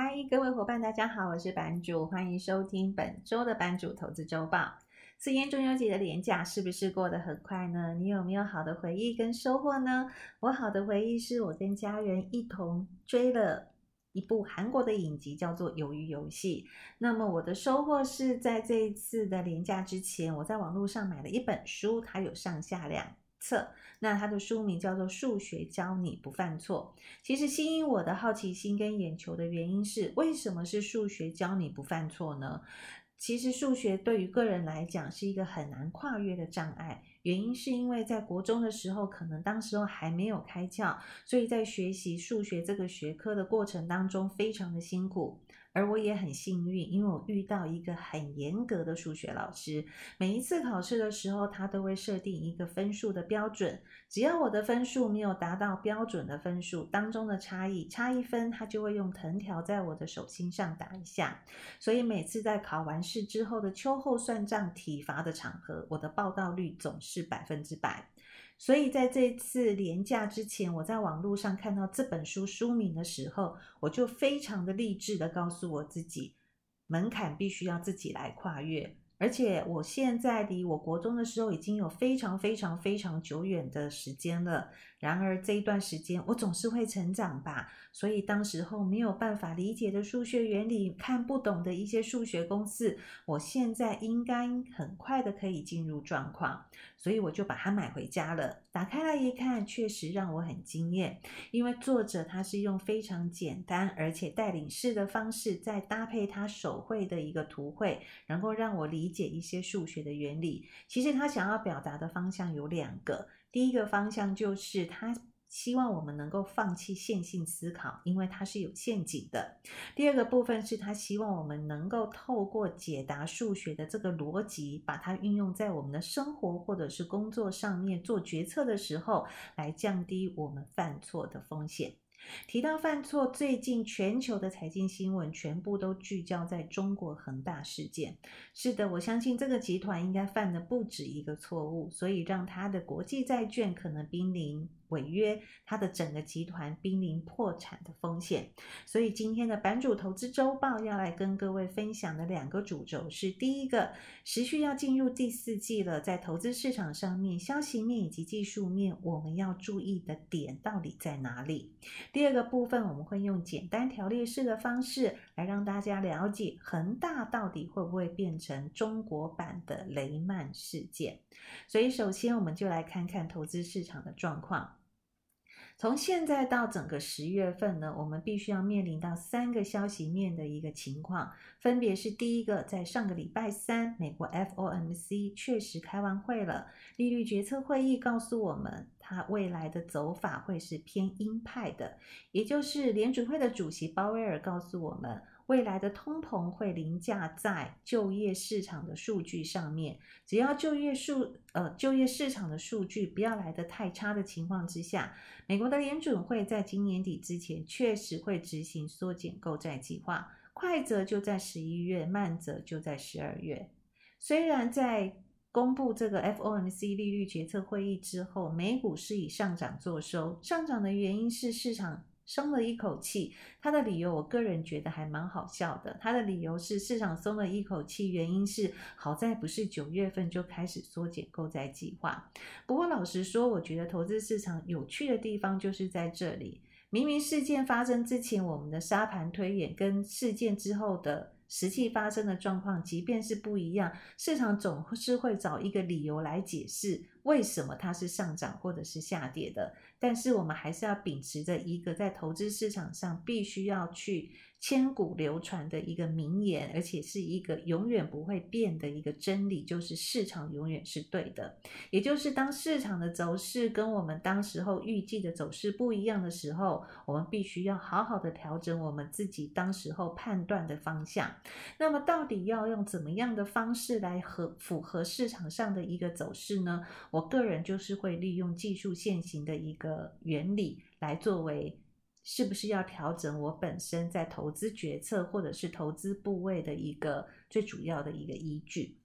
嗨，各位夥伴，大家好，我是版主，歡迎收聽本週的版主投資週報。四月中秋節的連假是不是過得很快呢？你有沒有好的回憶跟收穫呢？我好的回憶是我跟家人一同追了一部韓國的影集，叫做《魷魚遊戲》。那麼我的收穫是在這一次的連假之前，我在網絡上買了一本書，它有上下兩冊，那他的書名叫做《數學教你不犯錯》。其實吸引我的好奇心跟眼球的原因是，為什麼是數學教你不犯錯呢？其實數學對於個人來講是一個很難跨越的障礙，原因是因為在國中的時候，可能當時還沒有開竅，所以在學習數學這個學科的過程當中，非常的辛苦。而我也很幸運，因為我遇到一個很嚴格的數學老師。每一次考試的時候，他都會設定一個分數的標準。只要我的分數沒有達到標準的分數當中的差異，差一分，他就會用藤條在我的手心上打一下。所以每次在考完試之後的秋後算賬體罰的場合，我的報到率總是百分之百。所以在這次連假之前，我在網絡上看到這本書書名的時候，我就非常的勵志的告訴我自己，門檻必須要自己來跨越。而且我現在離我國中的時候已經有非常非常非常久遠的時間了。然而這一段時間我總是會成長吧，所以當時候沒有辦法理解的數學原理、看不懂的一些數學公式，我現在應該很快的可以進入狀況，所以我就把它買回家了。打開來一看，確實讓我很驚艷，因為作者他是用非常簡單而且帶領式的方式，再搭配他手繪的一個圖繪，能夠讓我理解一些數學的原理。其實他想要表達的方向有兩個，第一個方向就是他。希望我們能夠放棄線性思考，因為它是有陷阱的。第二個部分是他希望我們能夠透過解答數學的這個邏輯，把它運用在我們的生活或者是工作上面做決策的時候，來降低我們犯錯的風險。提到犯錯，最近全球的財經新聞全部都聚焦在中國恆大事件。是的，我相信這個集團應該犯的不止一個錯誤，所以讓他的國際債券可能瀕臨。違約，它的整個集團瀕臨破產的風險。所以今天的版主投資周報要來跟各位分享的兩個主軸是：第一個，時序要進入第四季了，在投資市場上面，消息面以及技術面，我們要注意的點到底在哪裡？第二個部分，我們會用簡單條列式的方式來讓大家了解恆大到底會不會變成中國版的雷曼事件。所以，首先我們就來看看投資市場的狀況。從現在到整個十月份呢，我們必須要面臨到三個消息面的一個情況，分別是第一個，在上個禮拜三，美國 FOMC 確實開完會了，利率決策會議告訴我們，它未來的走法會是偏鷹派的，也就是聯準會的主席鮑威爾告訴我們。未來的通膨會凌駕在就業市場的數據上面，只要就業數，呃，就業市場的數據不要來得太差的情況之下，美國的聯準會在今年底之前確實會執行縮減購債計劃，快則就在十一月，慢則就在十二月。雖然在公布這個 FOMC 利率決策會議之後，美股是以上漲作收，上漲的原因是市場。鬆了一口氣，他的理由，我個人覺得還蠻好笑的。他的理由是市場鬆了一口氣，原因是好在不是九月份就開始縮減購債計劃。不過老實說，我覺得投資市場有趣的地方就是在這裡。明明事件發生之前，我們的沙盤推演跟事件之後的實際發生的狀況，即便是不一樣，市場總是會找一個理由來解釋。為什麼它是上漲或者是下跌的？但是我們還是要秉持着一個在投資市場上必須要去千古流傳的一個名言，而且是一個永遠不會變的一個真理，就是市場永遠是對的。也就是當市場的走勢跟我們當時候預計的走勢不一樣的時候，我們必須要好好的調整我們自己當時候判斷的方向。那麼到底要用怎麼樣的方式來合符合市場上的一個走勢呢？我個人就是會利用技術現行的一個原理來作為，是不是要調整我本身在投資決策或者是投資部位的一個最主要的一個依據。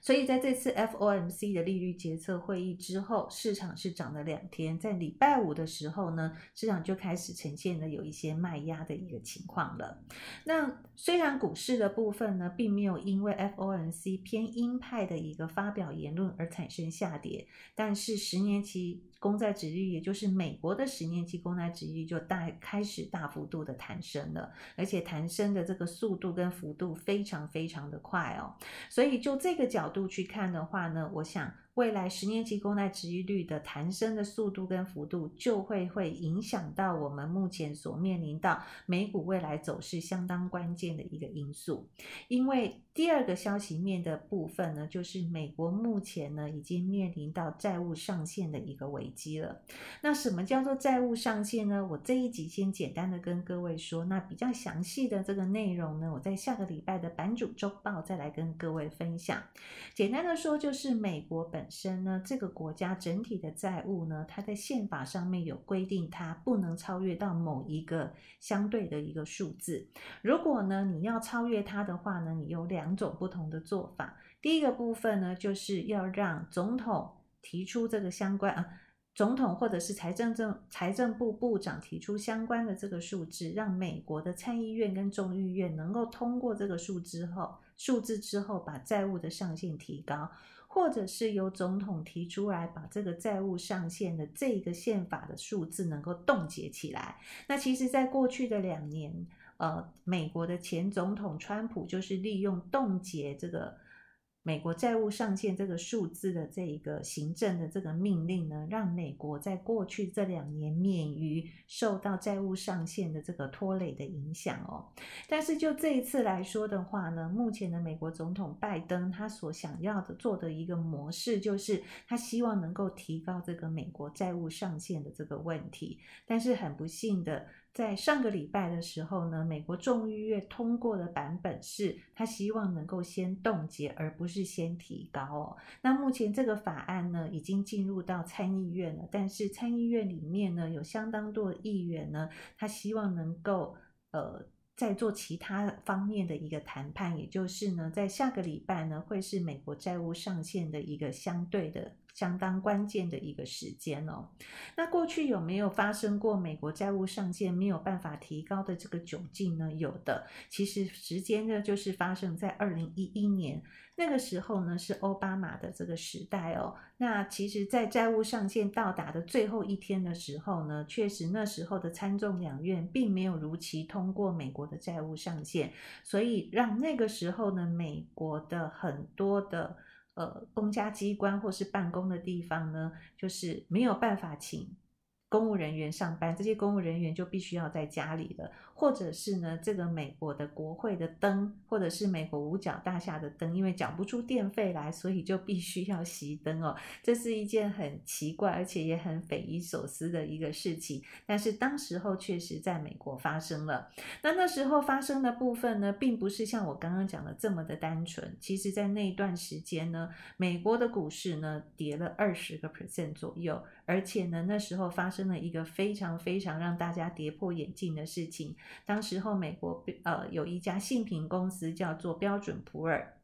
所以在這次 FOMC 的利率決策會議之後，市場是漲了兩天。在禮拜五的時候呢，市場就開始呈現了有一些賣壓的一個情況了。那雖然股市的部分呢，並沒有因為 FOMC 偏鷹派的一個發表言論而產生下跌，但是十年期公債殖率，也就是美國的十年期公債殖率，就大開始大幅度的彈升了，而且彈升的這個速度跟幅度非常非常的快哦。所以就這個角度去看的話呢，我想。未來十年期公債殖利率的彈升的速度跟幅度，就會會影響到我們目前所面臨到美股未來走勢相當關鍵的一個因素。因為第二個消息面的部分呢，就是美國目前呢已經面臨到債務上限的一個危機了。那什麼叫做債務上限呢？我這一集先簡單的跟各位說，那比較詳細的這個內容呢，我在下個禮拜的版主周報再來跟各位分享。簡單的說，就是美國本本身呢，這個國家整體的債務呢，它在憲法上面有規定，它不能超越到某一個相對的一個數字。如果呢，你要超越它的話呢，你有兩種不同的做法。第一個部分呢，就是要讓總統提出這個相關啊，總統或者是財政政財政部部長提出相關的這個數字，讓美國的參議院跟眾議院能夠通過這個數字後，數字之後把債務的上限提高。或者是由總統提出來，把這個債務上限的這個憲法的數字能夠凍結起來。那其實，在過去的兩年，呃，美國的前總統川普就是利用凍結這個。美國債務上限這個數字的這一個行政的這個命令呢，讓美國在過去這兩年免於受到債務上限的這個拖累的影響哦。但是就這一次來說的話呢，目前的美國總統拜登他所想要的做的一個模式，就是他希望能夠提高這個美國債務上限的這個問題，但是很不幸的。在上個禮拜的時候呢，美國眾議院通過的版本是，他希望能夠先凍結，而不是先提高。哦，那目前這個法案呢，已經進入到參議院了，但是參議院裡面呢，有相當多的議員呢，他希望能夠呃，再做其他方面的一個談判，也就是呢，在下個禮拜呢，會是美國債務上限的一個相對的。相當關鍵的一個時間哦。那過去有沒有發生過美國債務上限沒有辦法提高的這個窘境呢？有的，其實時間呢就是發生在二零一一年那個時候呢，是奧巴馬的這個時代哦。那其實，在債務上限到達的最後一天的時候呢，確實那時候的參眾兩院並沒有如期通過美國的債務上限，所以讓那個時候呢，美國的很多的。呃，公家機關或是辦公的地方呢，就是沒有辦法請公務人員上班，這些公務人員就必須要在家裡的。或者是呢，這個美國的國會的燈，或者是美國五角大廈的燈，因為繳不出電費來，所以就必須要熄燈哦。這是一件很奇怪，而且也很匪夷所思的一個事情。但是當時候確實在美國發生了。那那時候發生的部分呢，並不是像我剛剛講的這麼的單純。其實在那段時間呢，美國的股市呢跌了二十個 percent 左右，而且呢，那時候發生了一個非常非常讓大家跌破眼鏡的事情。當時候，美國呃有一家信評公司叫做標準普爾，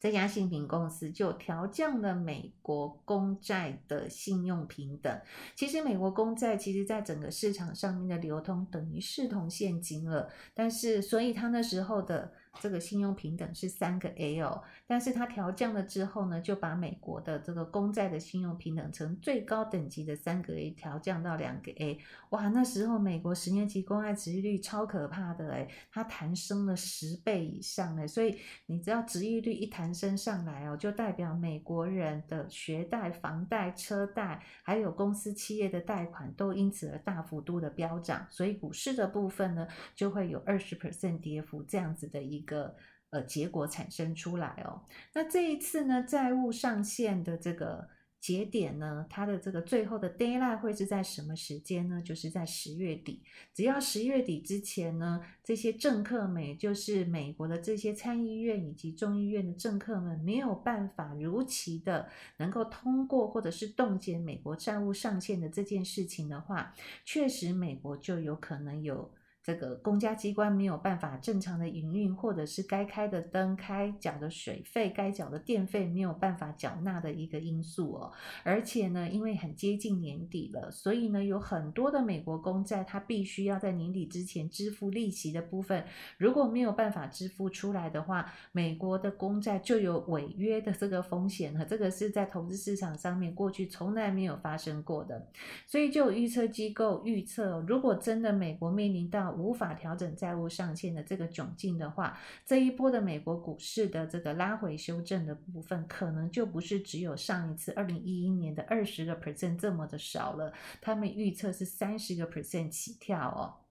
這家信評公司就調降了美國公債的信用評等。其實美國公債其實在整個市場上面的流通等於視同現金了，但是所以他那時候的。這個信用評等是三個 A 哦，但是它調降了之後呢，就把美國的這個公債的信用評等從最高等級的三個 A 調降到兩個 A。哇，那時候美國十年期公債殖利率超可怕的哎，它彈升了十倍以上哎，所以你只要殖利率一彈升上來哦，就代表美國人的學貸、房貸、車貸，還有公司企業的貸款都因此而大幅度的飆漲，所以股市的部分呢，就會有二十 percent 跌幅這樣子的一個。個呃結果產生出來哦，那這一次呢債務上限的這個節點呢，它的這個最後的 deadline 會是在什麼時間呢？就是在十月底。只要十月底之前呢，這些政客們就是美國的這些參議院以及眾議院的政客們沒有辦法如期的能夠通過或者是凍結美國債務上限的這件事情的話，確實美國就有可能有。這個公家機關沒有辦法正常的營運，或者是該開的燈開，繳的水費、該繳的電費沒有辦法繳納的一個因素哦。而且呢，因為很接近年底了，所以呢，有很多的美國公債，它必須要在年底之前支付利息的部分，如果沒有辦法支付出來的話，美國的公債就有違約的這個風險了。這個是在投資市場上面過去從來沒有發生過的，所以就有預測機構預測，如果真的美國面臨到無法調整債務上限的這個窘境的話，這一波的美國股市的這個拉回修正的部分，可能就不是只有上一次二零一一年的二十個 percent 這麼的少了，他們預測是三十個 percent 起跳哦。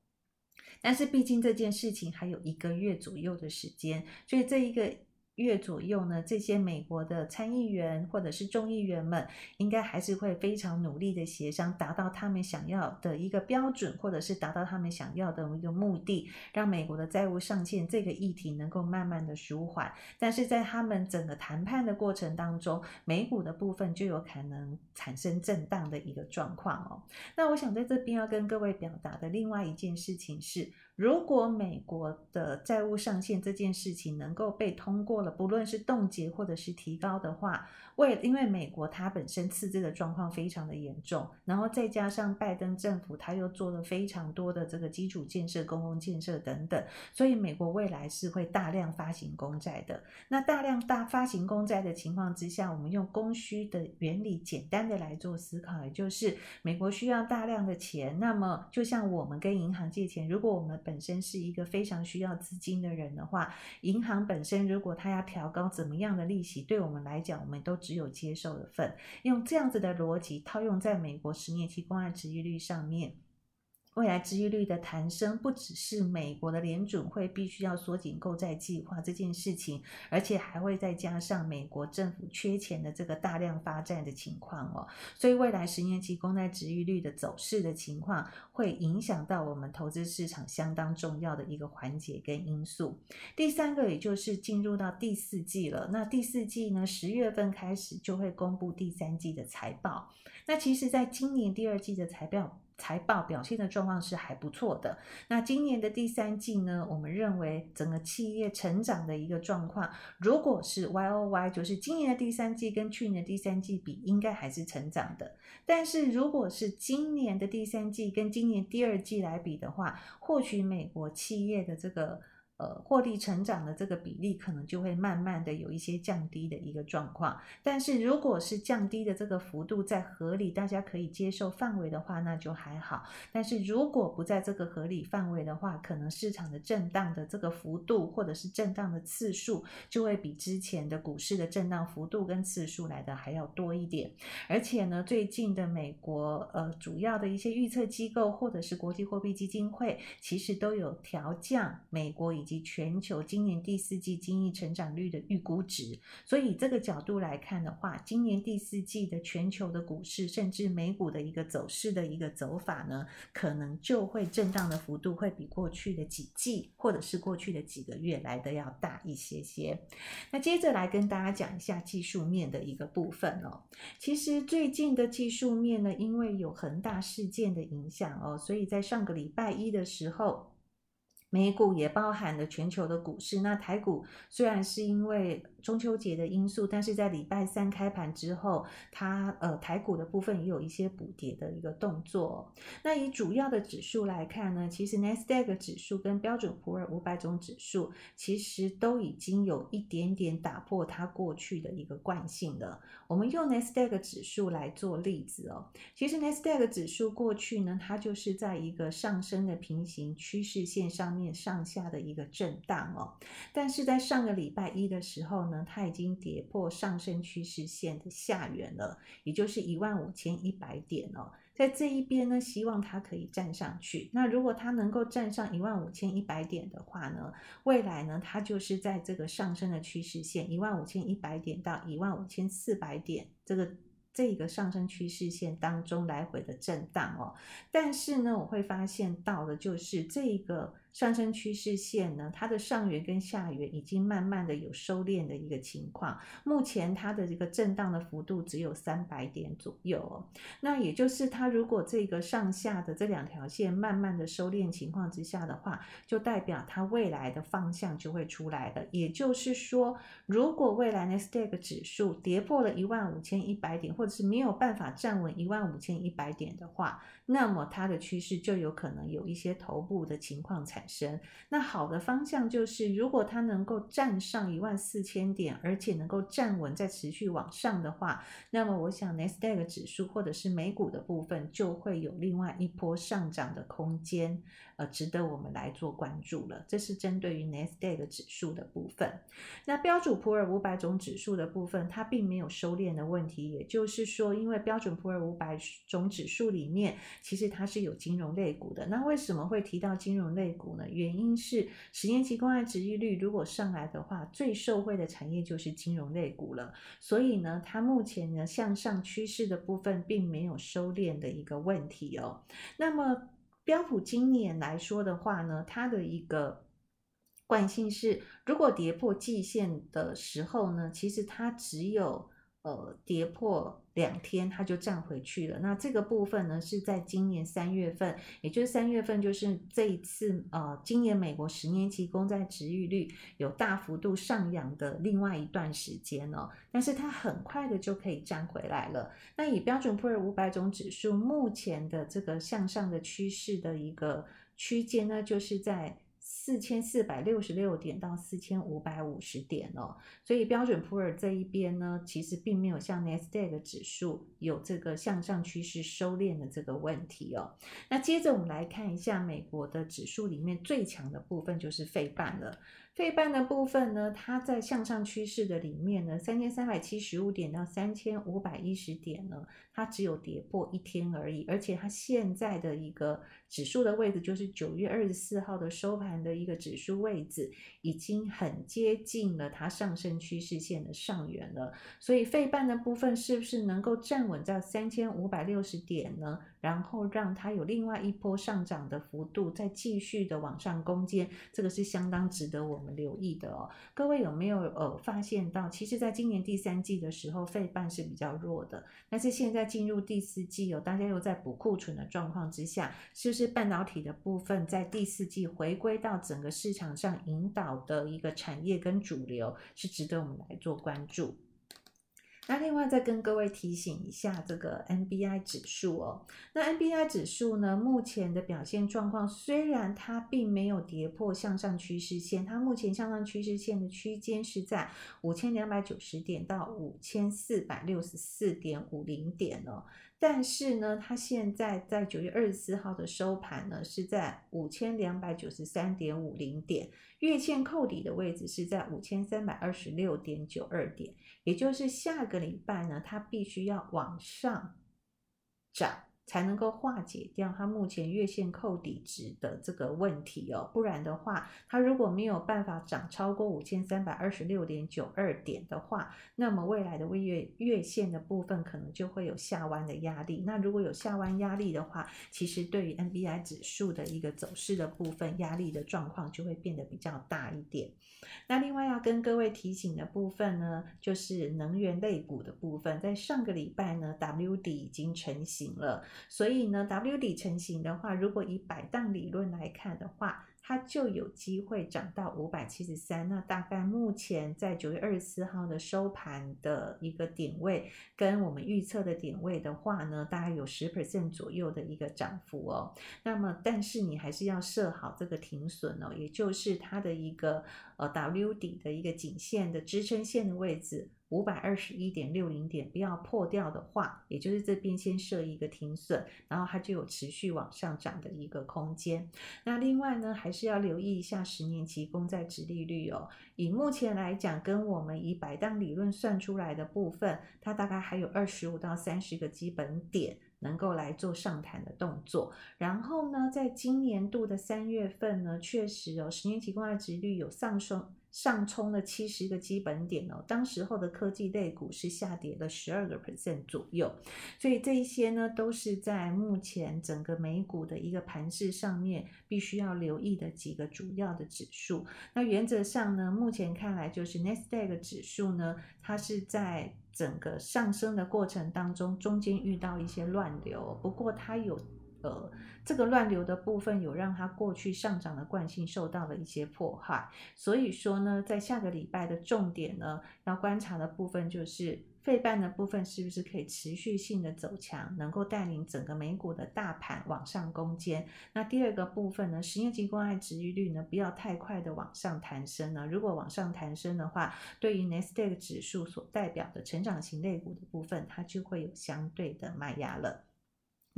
但是畢竟這件事情還有一個月左右的時間，所以這一個月左右呢，這些美國的參議員或者是眾議員們，應該還是會非常努力的協商，達到他們想要的一個標準，或者是達到他們想要的一個目的，讓美國的債務上限這個議題能夠慢慢的舒緩。但是在他們整個談判的過程當中，美股的部分就有可能產生震盪的一個狀況哦。那我想在這邊要跟各位表達的另外一件事情是，如果美國的債務上限這件事情能夠被通過了，不論是凍結或者是提高的話。為，因為美國它本身赤字的狀況非常的嚴重，然後再加上拜登政府他又做了非常多的這個基礎建設、公共建設等等，所以美國未來是會大量發行公債的。那大量大發行公債的情況之下，我們用供需的原理簡單的來做思考，也就是美國需要大量的錢，那麼就像我們跟銀行借錢，如果我們本身是一個非常需要資金的人的話，銀行本身如果他要調高怎麼樣的利息，對我們來講，我們都。只有接受的份。用這樣子的邏輯套用在美國十年期公債殖利率上面。未來殖利率的彈升，不只是美國的聯準會必須要縮緊購債計劃這件事情，而且還會再加上美國政府缺錢的這個大量發債的情況哦。所以未來十年期公債殖利率的走勢的情況，會影響到我們投資市場相當重要的一個環節跟因素。第三個，也就是進入到第四季了。那第四季呢，十月份開始就會公布第三季的財報。那其實，在今年第二季的財報。財報表現的狀況是還不錯的。那今年的第三季呢？我們認為整個企業成長的一個狀況，如果是 Y O Y，就是今年的第三季跟去年的第三季比，應該還是成長的。但是如果是今年的第三季跟今年第二季來比的話，或許美國企業的這個。呃，獲利成長的這個比例可能就會慢慢的有一些降低的一個狀況。但是如果是降低的這個幅度在合理、大家可以接受範圍的話，那就還好。但是如果不在這個合理範圍的話，可能市場的震盪的這個幅度或者是震盪的次數，就會比之前的股市的震盪幅度跟次數來的還要多一點。而且呢，最近的美國呃，主要的一些預測機構或者是國際貨幣基金會，其實都有調降美國銀。以及全球今年第四季經濟成長率的預估值，所以，以這個角度來看的話，今年第四季的全球的股市，甚至美股的一個走勢的一個走法呢，可能就會震盪的幅度會比過去的幾季或者是過去的幾個月來的要大一些些。那接着來跟大家講一下技術面的一個部分哦。其實最近的技術面呢，因為有恆大事件的影響哦，所以在上個禮拜一的時候。美股也包含了全球的股市，那台股雖然是因為中秋節的因素，但是在禮拜三開盤之後，它呃台股的部分也有一些補跌的一個動作哦。那以主要的指數來看呢，其實納斯達克指數跟標準普爾五百種指數其實都已經有一點點打破它過去的一個慣性了。我們用納斯達克指數來做例子哦，其實納斯達克指數過去呢，它就是在一個上升的平行趨勢線上。上面上下的一個震盪哦，但是在上個禮拜一的時候呢，它已經跌破上升趨勢線的下緣了，也就是一萬五千一百點哦。在這一邊呢，希望它可以站上去。那如果它能夠站上一萬五千一百點的話呢，未來呢，它就是在這個上升的趨勢線，一萬五千一百點到一萬五千四百點，這個這個上升趨勢線當中來回的震盪哦。但是呢，我會發現到的就是這一個。上升趨勢線呢，它的上緣跟下緣已經慢慢的有收斂的一個情況。目前它的這個震盪的幅度只有三百點左右，那也就是它如果這個上下的這兩條線慢慢的收斂情況之下的話，就代表它未來的方向就會出來的。也就是說，如果未來的那斯達克指數跌破了一萬五千一百點，或者是沒有辦法站穩一萬五千一百點的話，那麼它的趨勢就有可能有一些頭部的情況產生。升那好的方向就是，如果它能夠站上一萬四千點，而且能夠站穩再持續往上的話，那麼我想 next nest 斯達 g 指數或者是美股的部分就會有另外一波上漲的空間，呃，值得我們來做關注了。這是針對於 next nest 斯達 g 指數的部分。那標準普爾五百種指數的部分，它並沒有收斂的問題，也就是說，因為標準普爾五百種指數裡面其實它是有金融類股的，那為什麼會提到金融類股呢？原因是十年期公債殖利率如果上來的話，最受惠的產業就是金融類股了。所以呢，它目前呢向上趨勢的部分並沒有收斂的一個問題哦。那麼標普今年來說的話呢，它的一個慣性是，如果跌破季線的時候呢，其實它只有。呃，跌破兩天，它就站回去了。那這個部分呢，是在今年三月份，也就是三月份，就是這一次呃，今年美國十年期公債殖利率有大幅度上揚的另外一段時間哦。但是它很快的就可以站回來了。那以標準普爾五百種指數目前的這個向上的趨勢的一個區間呢，就是在。四千四百六十六點到四千五百五十點哦，所以標準普爾這一邊呢，其實並沒有像納斯達克指數有這個向上趨勢收斂的這個問題哦。那接着我們來看一下美國的指數裡面最強的部分，就是費半了。費半的部分呢，它在向上趨勢的裡面呢，三千三百七十五點到三千五百一十點呢，它只有跌破一天而已，而且它現在的一個指數的位置，就是九月二十四號的收盤的一個指數位置，已經很接近了它上升趨勢線的上緣了，所以費半的部分是不是能夠站穩在三千五百六十點呢？然後讓它有另外一波上漲的幅度，再繼續的往上攻堅，這個是相當值得我們留意的哦。各位有沒有呃發現到，其實在今年第三季的時候，費半是比較弱的，但是現在進入第四季有、哦、大家又在補庫存的狀況之下，是、就、不是半導體的部分在第四季回歸到整個市場上引導的一個產業跟主流，是值得我們來做關注。那另外再跟各位提醒一下，這個 NBI 指數哦，那 NBI 指數呢，目前的表現狀況，雖然它並沒有跌破向上趨勢線，它目前向上趨勢線的區間是在五千兩百九十點到五千四百六十四點五零點哦。但是呢，它現在在九月二十四號的收盤呢，是在五千兩百九十三點五零點，月線扣底的位置是在五千三百二十六點九二點，也就是下個禮拜呢，它必須要往上漲。才能夠化解掉它目前月線扣底值的這個問題哦，不然的話，它如果沒有辦法漲超過五千三百二十六點九二點的話，那麼未來的月月線的部分可能就會有下彎的壓力。那如果有下彎壓力的話，其實對於 NBI 指數的一個走勢的部分，壓力的狀況就會變得比較大一點。那另外要、啊、跟各位提醒的部分呢，就是能源類股的部分，在上個禮拜呢，W 底已經成型了。所以呢，W 底成型的話，如果以擺盪理論來看的話，它就有機會漲到五百七十三。那大概目前在九月二十四號的收盤的一個點位，跟我們預測的點位的話呢，大概有十 percent 左右的一個漲幅哦。那麼，但是你還是要設好這個停損哦，也就是它的一個。呃，W 底的一個頸線的支撐線的位置，五百二十一點六零點，不要破掉的話，也就是這邊先設一個停損，然後它就有持續往上漲的一個空間。那另外呢，還是要留意一下十年期公債殖利率哦。以目前來講，跟我們以百當理論算出來的部分，它大概還有二十五到三十個基本點能夠來做上彈的動作。然後呢，在今年度的三月份呢，確實哦，十年期公債殖率有上升。上衝了七十個基本點哦，當時候的科技類股是下跌了十二個 percent 左右，所以這一些呢，都是在目前整個美股的一個盤勢上面必須要留意的幾個主要的指數。那原則上呢，目前看來就是納斯達克指數呢，它是在整個上升的過程當中，中間遇到一些亂流，不過它有。呃，這個亂流的部分有讓它過去上漲的慣性受到了一些破壞，所以說呢，在下個禮拜的重點呢，要觀察的部分就是費半的部分是不是可以持續性的走強，能夠帶領整個美股的大盤往上攻堅。那第二個部分呢，十年期公債殖利率呢，不要太快的往上彈升了，如果往上彈升的話，對於 Nasdaq 指數所代表的成長型類股的部分，它就會有相對的賣壓了。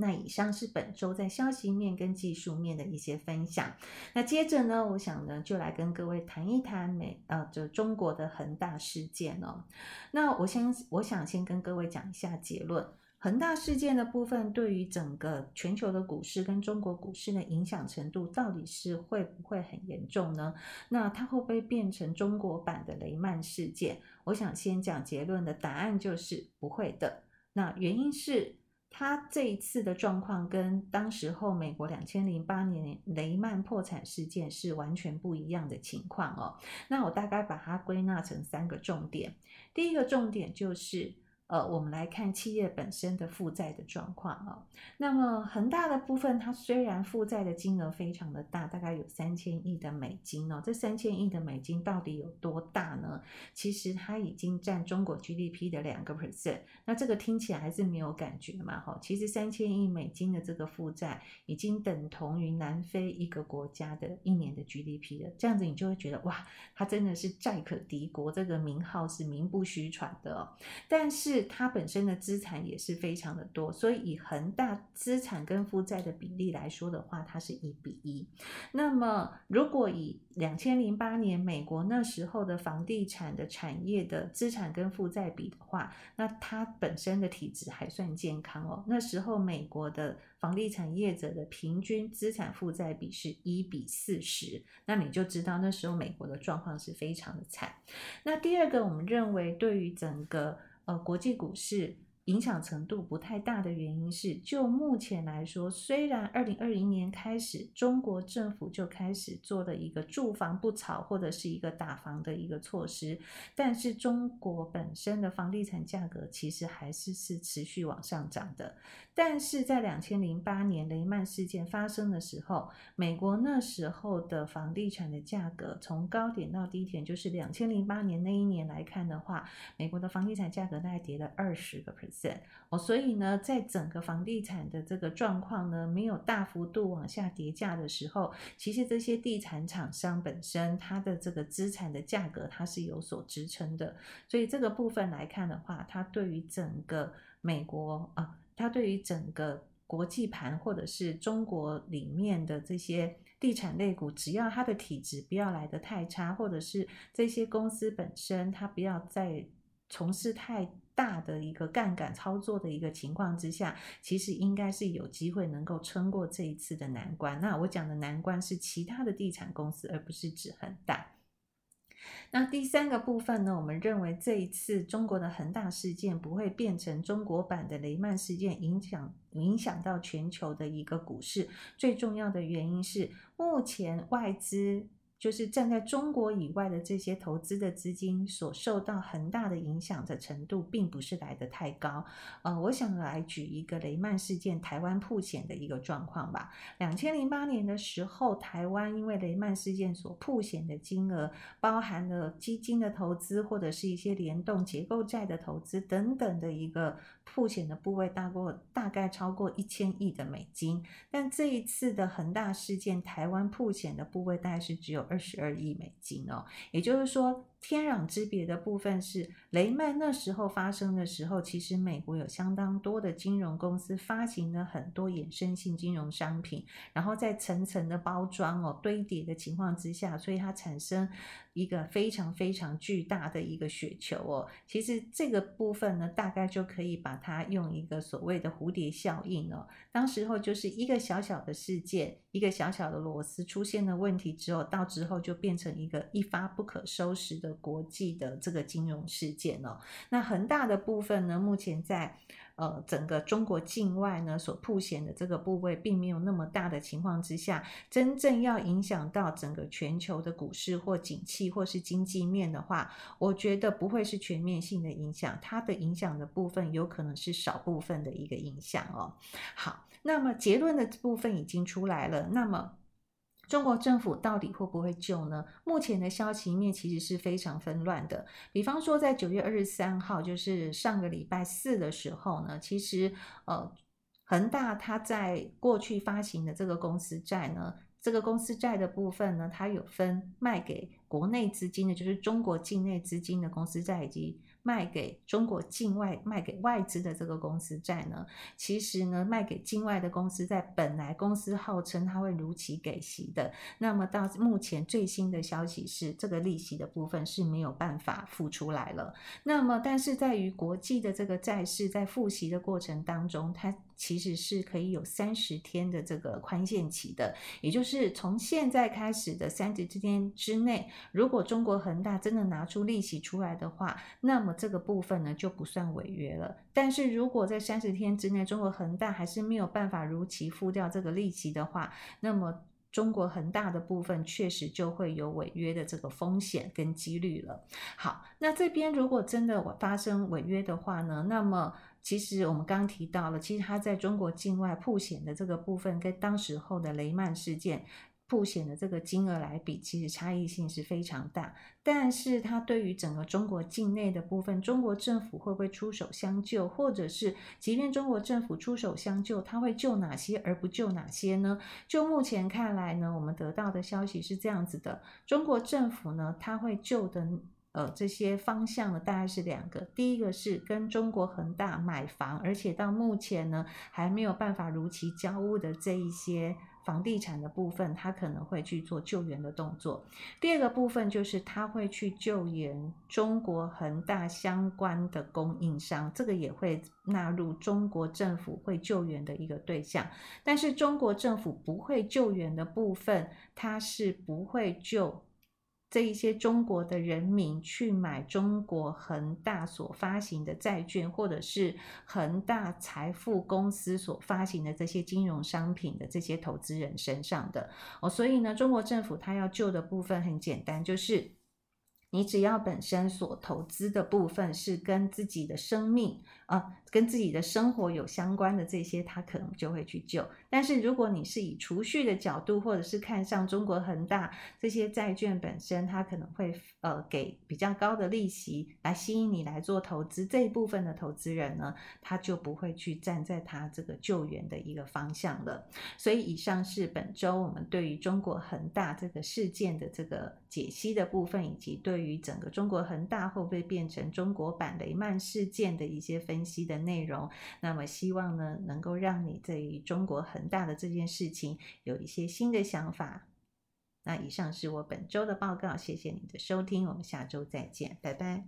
那以上是本週在消息面跟技術面的一些分享。那接着呢，我想呢，就來跟各位談一談美呃，就中國的恆大事件哦。那我先，我想先跟各位講一下結論，恆大事件的部分對於整個全球的股市跟中國股市的影響程度到底是會不會很嚴重呢？那它會不會變成中國版的雷曼事件？我想先講結論的答案就是不會的。那原因是。他這一次的狀況跟當時候美國兩千零八年雷曼破產事件是完全不一樣的情況哦。那我大概把它歸納成三個重點。第一個重點就是。呃，我們來看企業本身的負債的狀況啊哦。那麼恆大的部分，它雖然負債的金額非常的大，大概有三千億的美金哦。這三千億的美金到底有多大呢？其實它已經佔中國 GDP 的兩個 percent。那這個聽起來還是沒有感覺嘛？哈，其實三千億美金的這個負債已經等同於南非一個國家的一年的 GDP 了。這樣子你就會覺得哇，它真的是債可敵國，這個名號是名不虛傳的哦。但是它本身的資產也是非常的多，所以以恆大資產跟負債的比例來說的話，它是一比一。那麼，如果以兩千零八年美國那時候的房地產的產業的資產跟負債比的話，那它本身的體質還算健康哦。那時候美國的房地產業者的平均資產負債比是一比四十，那你就知道那時候美國的狀況是非常的慘。那第二個，我們認為對於整個呃，國際股市，影響程度不太大的原因是，就目前來說，雖然二零二零年開始，中國政府就開始做了一個住房不炒或者是一個打房的一個措施，但是中國本身的房地產價格其實還是是持續往上漲的。但是在兩千零八年雷曼事件發生的時候，美國那時候的房地產的價格從高點到低點，就是兩千零八年那一年來看的話，美國的房地產價格大概跌了二十個 percent。哦，所以呢，在整個房地產的這個狀況呢，沒有大幅度往下跌價的時候，其實這些地產廠商本身它的這個資產的價格，它是有所支撐的。所以這個部分來看的話，它對於整個美國啊，它對於整個國際盤，或者是中國裡面的這些地產類股，只要它的體質不要來得太差，或者是這些公司本身它不要再從事太。大的一個槓桿操作的一個情況之下，其實應該是有機會能夠撐過這一次的難關。那我講的難關是其他的地產公司，而不是指恆大。那第三個部分呢，我們認為這一次中國的恆大事件不會變成中國版的雷曼事件，影響影響到全球的一個股市。最重要的原因是目前外資。就是站在中國以外的這些投資的資金所受到恆大的影響的程度，並不是來得太高。呃，我想來舉一個雷曼事件台灣曝險的一個狀況吧。兩千零八年的時候，台灣因為雷曼事件所曝險的金額，包含了基金的投資或者是一些聯動結構債的投資等等的一個曝險的部位，大過大概超過一千億的美金。但這一次的恆大事件，台灣曝險的部位大概是只有。二十二億美金哦，也就是說。天壤之別的部分是，雷曼那時候發生的時候，其實美國有相當多的金融公司發行了很多衍生性金融商品，然後在層層的包裝哦、堆疊的情況之下，所以它產生一個非常非常巨大的一個雪球哦。其實這個部分呢，大概就可以把它用一個所謂的蝴蝶效應哦。當時候就是一個小小的事件，一個小小的螺絲出現了問題之後，到之後就變成一個一發不可收拾的國際的這個金融事件哦，那恆大的部分呢，目前在呃整個中國境外呢，所曝險的這個部位，並沒有那麼大的情況之下，真正要影響到整個全球的股市或景氣或是經濟面的話，我覺得不會是全面性的影響，它的影響的部分有可能是少部分的一個影響哦。好，那麼結論的部分已經出來了，那麼。中國政府到底會不會救呢？目前的消息面其實是非常紛亂的。比方說，在九月二十三號，就是上個禮拜四的時候呢，其實呃，恆大它在過去發行的這個公司債呢，這個公司債的部分呢，它有分賣給國內資金的，就是中國境內資金的公司債以及。賣給中國境外、賣給外資的這個公司債呢，其實呢，賣給境外的公司債本來公司號稱它會如期給息的，那麼到目前最新的消息是，這個利息的部分是沒有辦法付出來了。那麼，但是在於國際的這個債市在付息的過程當中，它。其實是可以有三十天的這個寬限期的，也就是從現在開始的三十天之內，如果中國恆大真的拿出利息出來的話，那麼這個部分呢，就不算違約了。但是如果在三十天之內，中國恆大還是沒有辦法如期付掉這個利息的話，那麼中國恆大的部分確實就會有違約的這個風險跟幾率了。好，那這邊如果真的發生違約的話呢，那麼。其實我們剛剛提到了，其實它在中國境外曝險的這個部分，跟當時候的雷曼事件曝險的這個金額來比，其實差異性是非常大。但是它對於整個中國境內的部分，中國政府會不會出手相救？或者是即便中國政府出手相救，他會救哪些而不救哪些呢？就目前看來呢，我們得到的消息是這樣子的：中國政府呢，它會救的。呃，這些方向呢，大概是兩個。第一個是跟中國恆大買房，而且到目前呢還沒有辦法如期交屋的這一些房地產的部分，他可能會去做救援的動作。第二個部分就是他會去救援中國恆大相關的供應商，這個也會納入中國政府會救援的一個對象。但是中國政府不會救援的部分，他是不會救，這一些中國的人民去買中國恆大所發行的債券，或者是恆大財富公司所發行的這些金融商品的這些投資人身上的哦，所以呢，中國政府它要救的部分很簡單，就是你只要本身所投資的部分是跟自己的生命。啊，跟自己的生活有相關的這些，他可能就會去救。但是如果你是以儲蓄的角度，或者是看上中國恆大這些債券本身，它可能會呃給比較高的利息來、啊、吸引你來做投資。這一部分的投資人呢，他就不會去站在他這個救援的一個方向了。所以以上是本周我們對於中國恆大這個事件的這個解析的部分，以及對於整個中國恆大會不會變成中國版雷曼事件的一些分析。分析的內容，那麼希望呢能夠讓你對於中國恆大的這件事情有一些新的想法。那以上是我本周的報告，謝謝你的收聽，我們下周再見，拜拜。